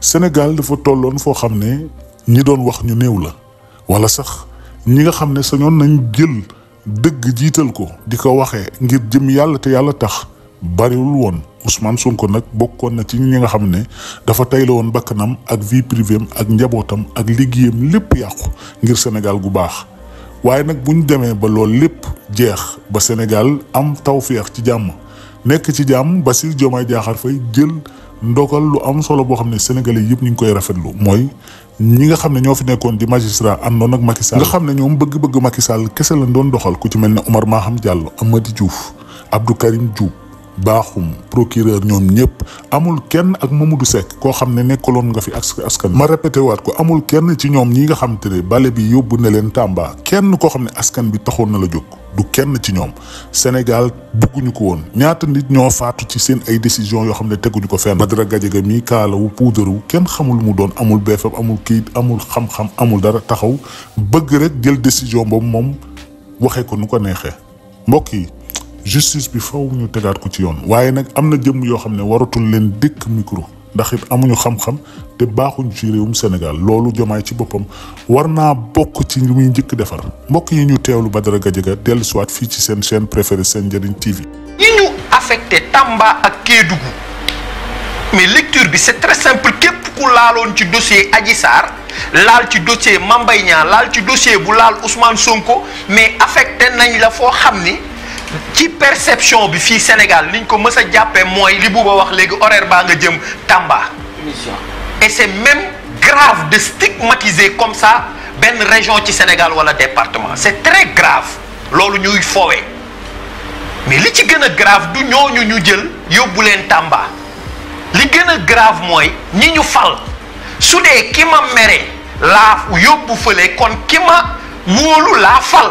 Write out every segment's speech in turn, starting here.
Sénégal dafa tolloon foo xam ne ñi doon wax ñu néew la wala sax ñi nga xam ne sañoon nañ jël dëgg jiital ko di ko waxee ngir jëm yàlla te yàlla tax bariwul woon Ousmane ko nag bokkoon na ci ñi nga xam ne dafa tayle woon bakkanam ak vie privée ak njabootam ak liggéeyam lépp yàqu ngir Sénégal gu baax waaye nag bu ñu demee ba loolu lépp jeex ba Sénégal am tawféex ci jàmm nekk ci jàmm Bassirou Diomaye Diakhar Faye jël ndogal lu am solo boo xam ne sénégalais yëpp ñu ngi koy rafetlu mooy ñi nga xam ne ñoo fi nekkoon di magistrat àndoon ak Macky Sall nga xam ne ñoom bëgg-bëgg Macky Sall kese lañ doon doxal ku ci mel ni ne Oumar am Diallo Amady Diouf Abdou Karim Diouf baaxum procureur ñoom ñëpp amul kenn ak Mamadou Seck koo xam ne nekkaloon nga fi askan ma répété waat ko amul kenn ci ñoom ñi nga xam te ne bale bi yóbbu na leen Tamba kenn koo xam ne askan bi taxoon na la jóg du kenn ci ñoom Sénégal bugguñu ko woon ñaata nit ñoo faatu ci seen ay décision yoo xam ne teguñu ko fenn Badara Gadiaga mii kaalawu puudaru kenn xamul mu doon amul BFM amul kayit amul xam-xam amul dara taxaw bëgg rek jël décision boobu moom waxee ko nu ko neexee mbokk yi justice bi faw ñu tegaat ko ci yoon waaye nag am na jëmm yoo xam ne waratul leen dëkk micro ndax it amuñu xam-xam te baaxuñ ci réewum Sénégal loolu jomaay ci boppam war naa bokk ci li muy njëkk defar mbokk yi ñu teewlu Badara Gadiaga dellu siwaat fii ci seen seen préférée Sen Ndiariñ TV ñi ñu affecté Tamba ak Kédougou mais lecture bi c'est très simple képp ku laaloon ci dossier Adji Sarr laal ci dossier Mame Mbaye laal ci dossier bu laal Ousmane Sonko mais affecté nañ la xam ni Qui perception bi fi Sénégal niñ ko mës jappé moy mooy li Bouba wax légui horaire ba nga jëm Tamba. et c'est même grave de stigmatiser comme ça ben région ci Sénégal wala département c'est très grave lolu ñuy fowé mais li ci gëna grave du ñooñu ñu jël yóbbu leen Tamba li gëna grave moy ñi ñu fal Soudé kima ki ma mere laa kon ki ma la fal.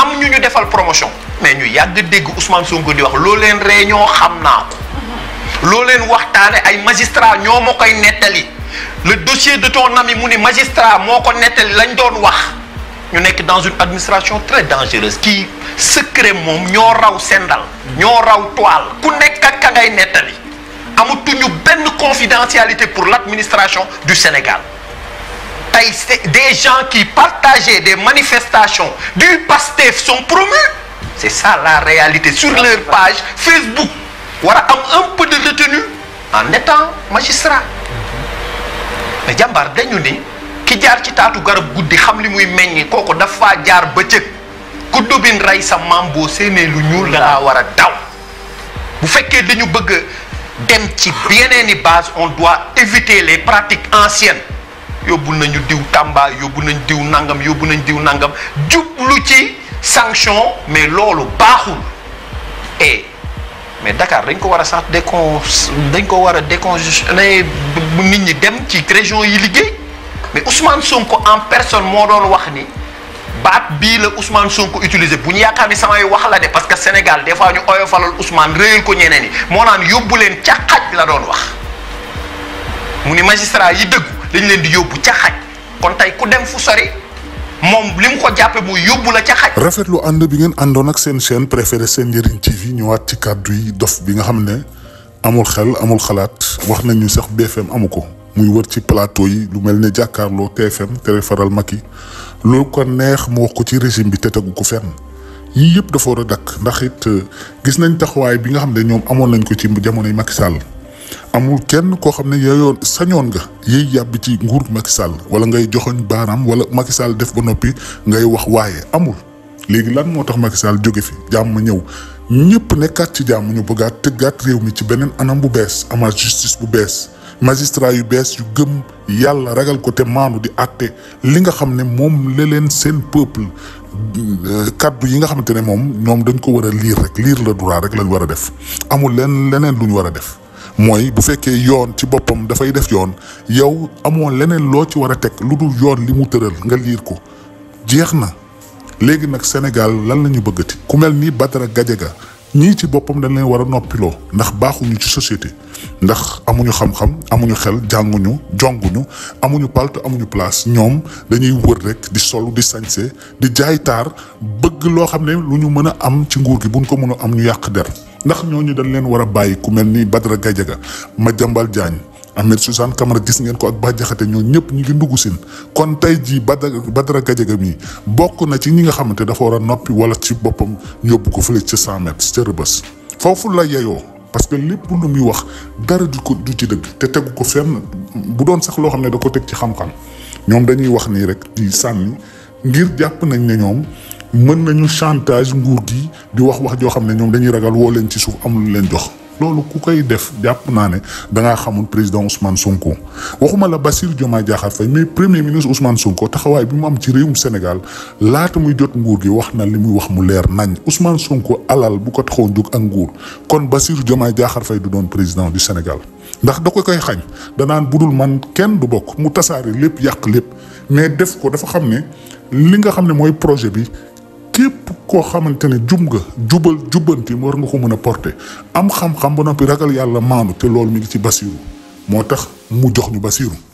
am ñu ñu defal promotion mais ñu yag dégg Ousmane Sonko di wax lo leen réunion xam naa ko leen waxtane ay magistrat ñoo koy netali le dossier de ton ami muni magistrat moko ko lañ doon wax ñu nekk dans une administration très dangereuse kii secret mom ñoo raw sendal ñoo raw toile ku nekk ak ka ngay nettali amatuñu ben confidentialité pour l'administration du Sénégal des gens qui partageaient des manifestations du PASTEF sont promus. C'est ça la réalité. Sur leur page Facebook, voilà un peu de retenue en étant magistrat. Mais dañu ni ki jaar ci ils garab xam li muy jaar base on doit éviter les pratiques anciennes yobul nañu diw Tamba yobul nañ diw nangam yobul nañ diw nangam djublu ci sanction mais loolu baxul et mais Dakar dañ ko wara sax décon dañ ko wara a bu nit ñi dem ci région yi liggéey mais Ousmane Sonko en personne mo doon wax ni baat bii la Ousmane Sonko utilisé bu ñu yaakaar ni samay wax la de parce que Sénégal des fois ñu oyofalal Ousmane réyal ko ñeneen yi moo naan yóbbu leen ca xaj la doon wax mu ni magistrat yi dëggu dañ leen di yóbbu ca xaj kon tey ku dem fu sori mom lim ko jappé bu yobbu la ci xaj lu and bi ngeen andon ak sen chaîne préféré sen njëriñ tv wat ci kaddu yi dof bi nga xamné amul xel amul xalaat wax nañu sax BFM amuko muy wër ci plateau yi lu melni jakarlo TFM télé faral maki lu ko neex mo ko ci régime bi tétagu ko fenn yi yëpp dafa wara dak ndax it euh, gis nañ taxawaay bi nga xamné ñom amon nañ ko ci jamono Macky Sall amul kenn koo xam ne yaayoon sañoon nga yiy yàbbi ci nguur Macky Sall wala ngay joxoñ baaraam wala Macky def ba noppi ngay wax waaye amul léegi lan moo tax Macky jóge fi jàmm ñëw ñëpp nekkaat ci jàmm ñu bëggaat tëggaat réew mi ci beneen anam bu bees amaat justice bu bees magistra yu bees yu gëm yàlla ragal ko te maanu di àtte li nga xam ne moom la leen seen peuple euh, kaddu yi nga xamante ne moom ñoom dañ ko war a liir rek liir la droit rek lañ war a def amul leen leneen lu war a def mooy bu fekkee yoon ci boppam dafay def yoon yow amoon leneen loo ci war a teg lu dul yoon li mu tëral nga liir ko jeex na léegi nag Sénégal lan la ñu bëggati ku mel ni Badara Gadiaga ñii ci boppam dañ leen war a noppiloo ndax baaxuñu ci société ndax amuñu xam-xam amuñu xel jànguñu jonguñu amuñu palte amuñu place ñoom dañuy wër rek di sol di sañse di jaay taar bëgg loo xam ne lu ñu mën a am ci nguur gi buñ ko mën a am ñu yàq der ndax ñooñu dañ leen war a bàyyi ku mel ni Badara Gadiaga Madiambal Diagne Ahmed Suzanne Camara gis ngeen ko ak Bah ñoo ñëpp ñu ngi ndugg sin kon tey jii Badara Badara Gadiaga mii bokk na ci ñi nga xamante dafa war a noppi wala ci boppam yóbbu ko fële ca 100 mètres ca foofu la yeyoo parce que lépp lu wax dara du ko du ci dëgg te tegu ko fenn bu doon sax loo xam ne da ko teg ci xam ñoom dañuy wax nii rek di sànni ngir jàpp nañ ne ñoom mën nañu chantage nguur gi di wax wax joo xam ne ñoom dañuy ragal woo leen ci suuf am lu leen jox loolu ku koy def jàpp naa ne da ngaa xamul président Ousmane Sonko waxuma la Bassirou Diomaye Diakhar Faye mais premier ministre Ousmane Sonko taxawaay bi mu am ci réewum Sénégal laata muy jot nguur gi wax na li muy wax mu leer nañ Ousmane Sonko alal bu ko taxoon jóg ak nguur kon Basir Diomaye Diakhar Faye du doon président du Sénégal ndax da ko koy xañ danaan budul man kenn du bokk mu tasaare lépp yàq lépp mais def ko dafa xam ne li nga xam ne projet bi yépp koo xamante ne jub nga jubal mu war nga ko mën a porter am xam-xam ba noppi ragal yàlla maanu te loolu mi ngi ci basiiru moo tax mu jox ñu basiiru